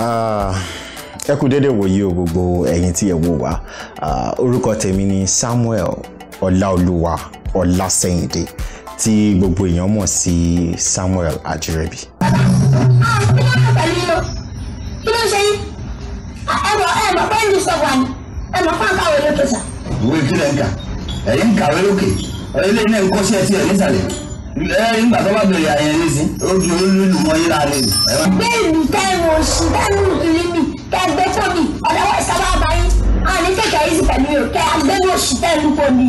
Ah, ẹ kú dédé wòye o gbogbo ẹ̀yin tí ẹ wò wá ah, orúkọ tèmi ni Samuel Ọláolúwa Ọlásẹ̀yìndé tí gbogbo èèyàn mọ̀ sí Samuel Ajirebi. Ah, kí ló ń ṣe yín ẹ mọ̀ ẹ mọ̀ pé ìlú sọ̀wọ́ ni ẹ mọ̀ fáńkà wọlé tó sà. ìwé ìkíni ẹ̀ka ẹ̀yìn kàwé lókè ẹ̀yìn lẹ́yìn náà ń kọ́ sí ẹtí ẹ̀ nísàlẹ̀ ẹ nígbà tó bá bèrè àyẹ̀ ní sí ó ju mọ́ yín láàlẹ́ mi. gbé ìlú tẹ ìwò sí tẹ́lú ìlú mi tẹ gbé fún mi ọ̀dọ̀ wọ́n ìsá bá bá yín àní kẹ̀kẹ́ yìí sì pẹ̀lú yòó kẹ́ agbẹ́wò sí tẹ́lú fún mi.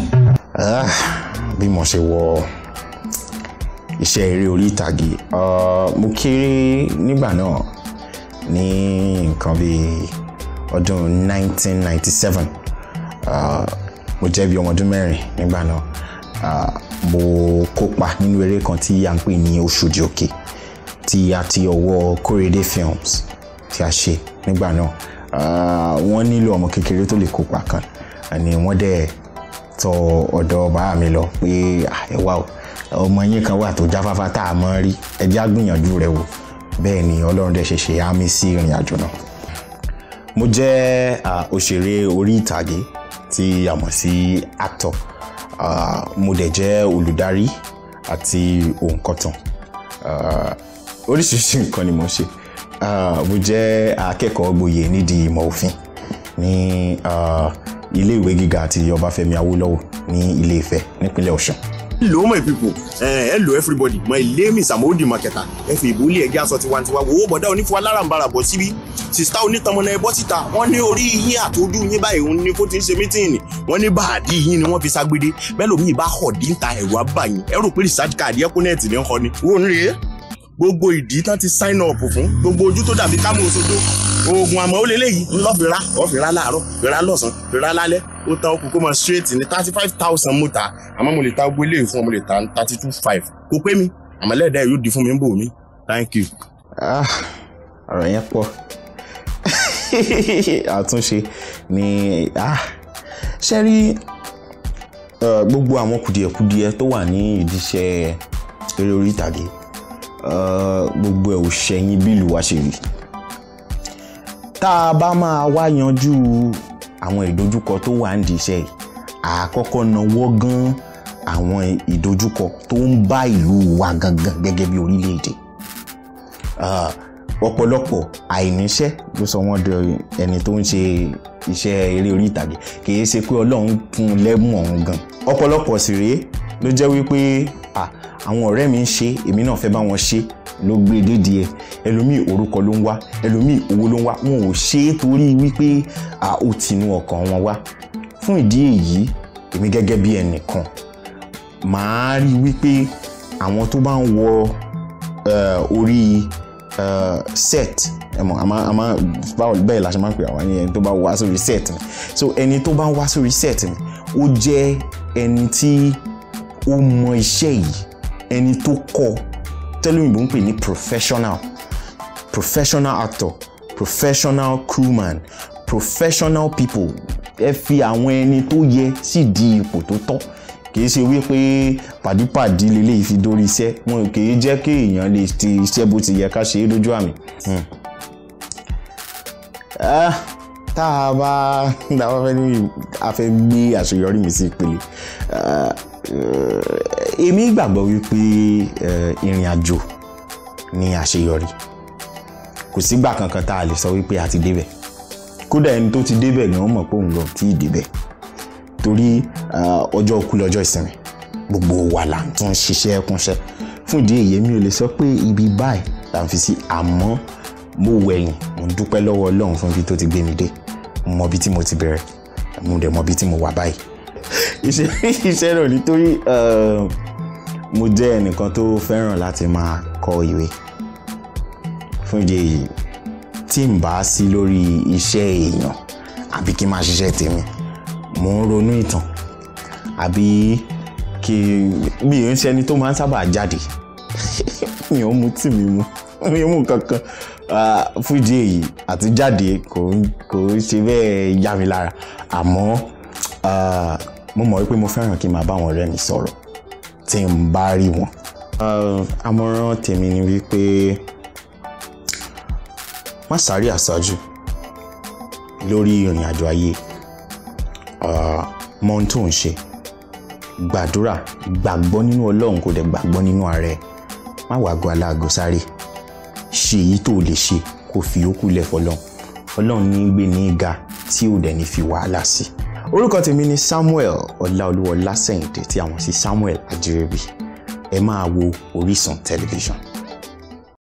Ah, bí mo ṣe wọ iṣẹ́ eré orí ìtàgé mo kéré nígbà náà ní nǹkan bíi ọdún 1997 ah, mo jẹ́ bí ọmọ ọdún mẹ́rin nígbà náà. Ah, mo kópa nínú eré kan tí a ń pè ní Oṣòdì Òkè tí a ti ọwọ́ Kórèdé Films tí a ṣe nígbà náà wọ́n nílò ọmọ kékeré tó lè kópa kan ni wọ́n dẹ̀ tọ ọ̀dọ̀ bàbá mi lọ pé ẹ wá o ọmọ yín kan wà tó jáfáfá tá a mọ̀ rí ẹ jẹ́ á gbìyànjú rẹ̀ wò bẹ́ẹ̀ ni ọlọ́run dẹ̀ ṣe ṣe àmì sí ìrìn àjò náà. mo jẹ́ òṣèré orí ìtàgé tí a mọ̀ sí actor Ah, mo dẹ̀ jẹ́ olùdarí àti òǹkọ̀tàn ah, oríṣiríṣi nǹkan ni mo ṣe ah, mo jẹ́ akẹ́kọ̀ọ́ gboyè nídìí ìmọ̀ òfin ní ilé ìwé gíga àti Ọbáfẹ́mi Awólọ́wọ̀ ní Ilé-Ifẹ̀ nípínlẹ̀ Ọ̀ṣun hello my people eh, hello everybody my name is amodi maketa ẹ fi ìbò ilé ẹgbẹ́ aṣọ tiwantiwa wò ó bọ̀dá onífọwọ́ alárànbarà bọ̀ síbí sista onítọmọnà ẹbọ síta wọ́n ní orí yín àtọ́jú yín báyìí òun ni kó ti ń ṣe mítìnì wọ́n ní báàdì yín ni wọ́n fi ságbédé bẹ́ẹ̀ lómi ìbá họ̀ dín ta ẹ̀rọ abáyín ẹ̀rọ pé research card ẹ̀kúnẹ̀tì ní ń kọ ni wọ́n rí gbogbo ìdí tán ti sign up fún gbogbo ojú tó dàbí kámú òṣogbo oògùn àmọ́ ó lélẹ́yìí ńlọ fi ra ọ̀ fi ra láàárọ̀ fi ra lọ́sàn fi ra lálẹ́ ó ta okùn kó mọ straight ní thirty five thousand mo ta àmọ́ mo lè ta gbé léyìí fún ọ mo lè ta thirty two five kò pé mi àmọ́ lẹ́ẹ̀dá yóò di fún mi ń bò mí thank you. ah ọ̀rọ̀ yẹn pọ̀ àtúnṣe ni ah ṣe rí gbogbo àwọn kùdìẹ̀kudiẹ tó wà ní ìdíṣẹ́ eré orí ìtàgé gbogbo ẹ̀ ò ṣẹ̀yìn bí ìlú wa ṣe rí tá a bá máa wá yanjú àwọn ìdojúkọ tó wà ń diṣẹ́ àkọ́kọ́ náwó gan àwọn ìdojúkọ tó ń bá ìlú wa gangan gẹ́gẹ́ bí orílẹ̀-èdè ah, ọ̀pọ̀lọpọ̀ àìníṣẹ́ ló sọ wọ́n di ẹni tó ń ṣe iṣẹ́ eré orí ìtàgé kìí ṣe pé ọlọ́run fún un lẹ́bùn ọ̀hún gan ọ̀pọ̀lọpọ̀ sì rèé ló jẹ́ wípé àwọn ọ̀rẹ́ mi ń ṣe èmi náà fẹ́ bá wọn ṣe ló gbé e dédìí ẹ ẹlòmíì orúkọ ló ń wá ẹlòmíì owó ló ń wá wọn ò ṣe é torí wípé a ó tinú ọkàn wọn wá fún ìdí èyí èmi gẹ́gẹ́ bí ẹnìkan màá rí wípé àwọn tó bá ń wọ orí set ẹmọ àmà àmà báwo bẹ́ẹ̀ la ṣe máa ń pè àwọn ẹni tó bá wá sórí set mi so ẹni tó bá ń wá sórí set mi ó jẹ́ ẹni tí ó mọ iṣẹ́ yìí ẹni tó kọ́ tẹ́lóyìnbó ń pè ní professional professional actor professional crewman professional people ẹ fi àwọn ẹni tó yẹ sí di ipò tó tọ́ kì í ṣe wípé pàdípàdí lélẹ́yìí fi dórí iṣẹ́ wọn kì í jẹ́ kí èèyàn lè ti iṣẹ́ bó ti yẹ ká ṣe é lójú àmì. Hmm. Ah, tá a bá tá a bá fẹ́ ní a gbé àṣeyọrí mi sí ìpele ah, eh, èmi gbàgbọ́ wípé ìrìn àjò ni àṣeyọrí kò sígbà kankan tá a lè sọ wípé a ti débẹ̀ kódà ẹni tó ti débẹ̀ gan mọ̀ pé òun lọ tí ì débẹ̀ torí ọjọ́ kú lọ́jọ́ ìsinmi gbogbo wa là ń tún ṣiṣẹ́ kúnṣẹ́ fún ìdí èyí mi ò lè sọ pé ibi báyìí là ń fi sí àmọ́ mo wẹ̀yìn mo ń dúpẹ́ lọ́wọ́ Ọlọ́run fún ibi tó ti gbé mi dé mo mọ ibi tí mo ti bẹ̀rẹ̀ mo dẹ̀ mọ ibi tí mo wà báyìí iṣẹ́ náà nítorí mo jẹ́ ẹnìkan tó fẹ́ràn láti máa kọ ìwé fún ìdí èyí tí n bá sí lórí iṣẹ́ èèyàn àbí kí n máa ṣiṣẹ́ tèmi mò ń ronú ìtàn àbí kí mi ò ń ṣe ẹni tó máa ń sábà jáde mi ò mu tí mi mu mi mú kankan fún ìdí èyí àti jáde kò kò ṣe bẹ́ẹ̀ yá mi lára àmọ́ mo mọ̀ wípé mo fẹ́ràn kí n máa bá àwọn ọ̀rẹ́ mi sọ̀rọ̀ tí n bá rí wọn. àmọ̀ràn tèmi ni wípé má sáré àṣáájú lórí ìrìn àjò ayé ah, mọ ohun tó ń ṣe gbàdúrà gbàgbọ́ nínú ọlọ́run kò dẹ̀ gbàgbọ́ nínú ààrẹ má wàá gọ aláàgọ sáré ṣe èyí tó lè ṣe kó fi yókù lẹ̀ fọlọ́run ọlọ́run ní gbé ní ga tí ò dẹ̀ ní fi wàhálà sí i orúkọ tèmi ni Samuel Ọláolúwa Ọlásẹ̀yìndé tí a sí Samuel Ajírébi ẹ máa wo Orísun tẹlifíṣàn.